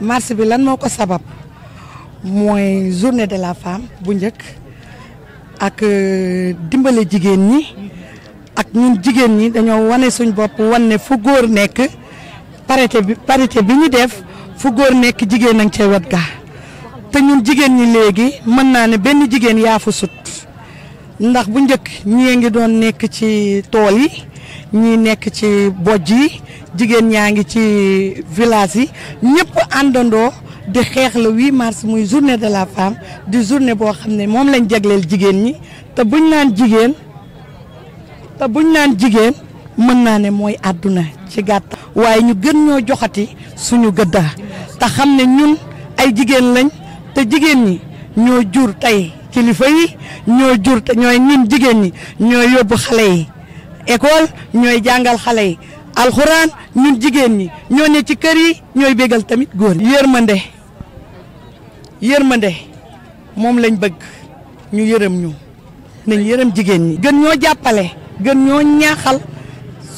marche bi lan moo ko sabab mooy journée de la femme bu njëkk ak euh, dimbale jigéen ñi ak ñun jigéen ñi dañoo wane suñ bopp wan fu góor nekk parité bi parité bi ñu def fu góor nekk jigéen nañ ca wet ga te ñun jigéen ñi léegi mën naa ne benn jigéen yaa fu sut ndax bu njëkk ñi ngi doon nekk ci tool yi ñii nekk ci bojj yi jigéen ñaa ngi ci village yi ñëpp àndandoo di xeex le 8 mars muy journée de la femme di journée boo xam ne moom lañ jagleel jigéen ñi te buñ naan jigéen te buñ naan jigéen mën naa ne mooy àdduna ci gàtt waaye ñu gën ñoo joxati suñu gëdda te xam ne ñun ay jigéen lañ te jigéen ñi ñoo jur tey kilifa yi ñoo jur te ñooy ñun jigéen ñi ñoo yóbbu xale yi. école ñooy jàngal xale yi alxuraan ñun jigéen ñi ñoo ne ci kër yi ñooy bégal tamit góor ñi. yërmande yërmande moom lañ bëgg ñu yërëm ñu nañ yërëm jigéen ñi. gën ñoo jàppale gën ñoo ñaaxal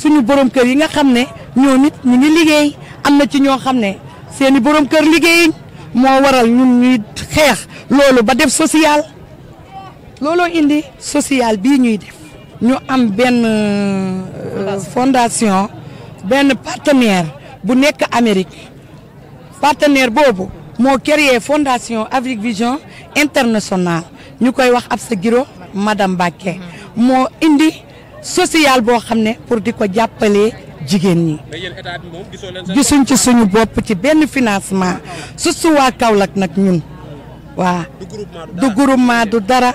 suñu borom kër yi nga xam ne ñoo nit ñu ngi liggéey am na ci ñoo xam ne seeni borom kër liggéey moo waral ñun ñuy xeex loolu ba def social looloo indi social bi ñuy def. ñu am benn euh, fondation benn partenaire bu nekk Amérique partenaire boobu moo créé fondation Afrique Vision Internationale ñu koy wax ab sa giro madame mm-hmm. moo indi social boo xam ne pour di ko jàppale jigéen ñi gisuñ ci suñu bopp ci benn financement su su waa nag ñun waa du groupement du dara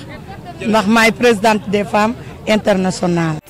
ndax maay présidente des femmes internationales